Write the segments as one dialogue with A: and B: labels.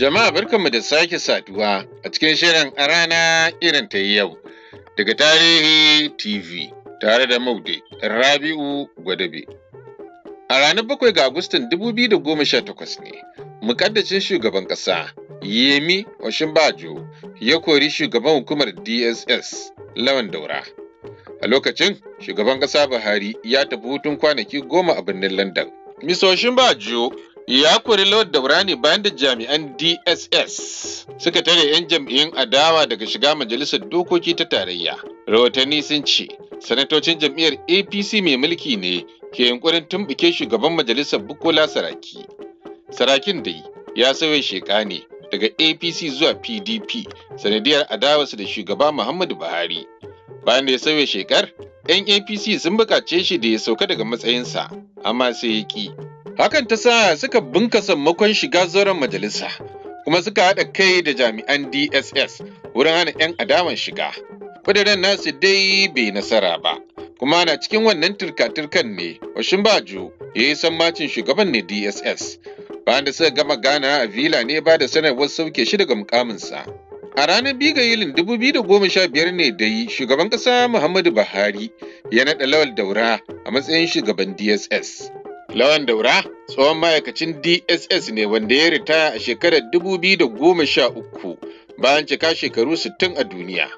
A: Jama'a barkanmu da sake saduwa a cikin shirin a rana irin ta yau daga tarihi TV tare da Maude Rabi'u Gwadabe. A ranar bakwai ga Agustan 2018 ne, mukaddacin shugaban ƙasa Yemi Oshinbajo ya kori shugaban hukumar DSS Lawan Daura. A lokacin, shugaban ƙasa Buhari ya tafi hutun kwanaki goma a birnin London. Misoshin Oshinbajo. ya kori Lord Daurani bayan da jami'an DSS suka tare 'yan jam'iyyun adawa daga shiga majalisar dokoki ta tarayya. Rahotanni sun ce, sanatocin jam'iyyar APC mai mulki ne ke yunkurin tumbuke shugaban majalisar Bukola Saraki. Sarakin dai ya sauya sheka ne daga APC zuwa PDP sanadiyar adawarsa da shugaba Muhammadu Buhari. Bayan da ya sauya shekar, 'yan APC sun buƙace shi da ya sauka daga matsayinsa, amma sai ya ƙi. Hakan ta sa suka bunkasa makon shiga zauren majalisa, kuma suka haɗa kai da jami'an DSS wurin hana 'yan adaman shiga. Ƙudurin nasu dai bai nasara ba, kuma na cikin wannan turka-turkan ne, washin Baju ya yi sammacin shugaban ne DSS. Bayan da suka gama gana a vila ne ba da sanarwar sauke shi daga mukaminsa. A ranar biyu ga yilin 2015 ne da yi shugaban ƙasa Muhammadu Buhari ya naɗa Lawal Daura a matsayin shugaban DSS. Lawan Daura tsohon ma'aikacin DSS ne wanda ya ritaya a shekarar 2013 bayan cika shekaru 60 a duniya.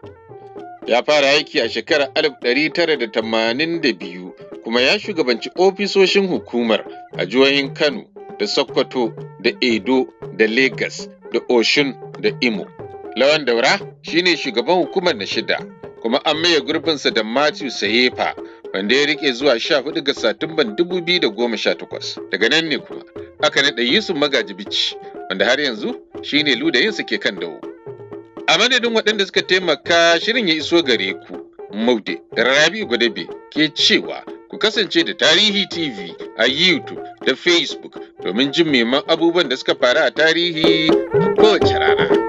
A: Ya fara aiki a shekarar 1982 kuma ya shugabanci ofisoshin hukumar a jihohin Kano da Sokoto da Edo da Lagos da Oshun da Imo. Lawan Daura shi ne shugaban hukumar na shida kuma an maye gurbinsa da Matthew Sayefa wanda ya rike zuwa 14 ga Satumban 2018. Daga nan ne kuma aka naɗa Yusuf bici. wanda har yanzu shine ludayinsa ke kan dawo. A madadin waɗanda suka taimaka shirin ya iso gare ku, Maude Rabi Gwadabe ke cewa ku kasance da Tarihi TV a YouTube da Facebook domin jin meman abubuwan da suka faru a tarihi a kowace rana.